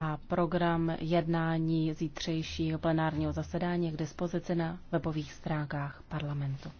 a program jednání zítřejšího plenárního zasedání je k dispozici na webových stránkách parlamentu.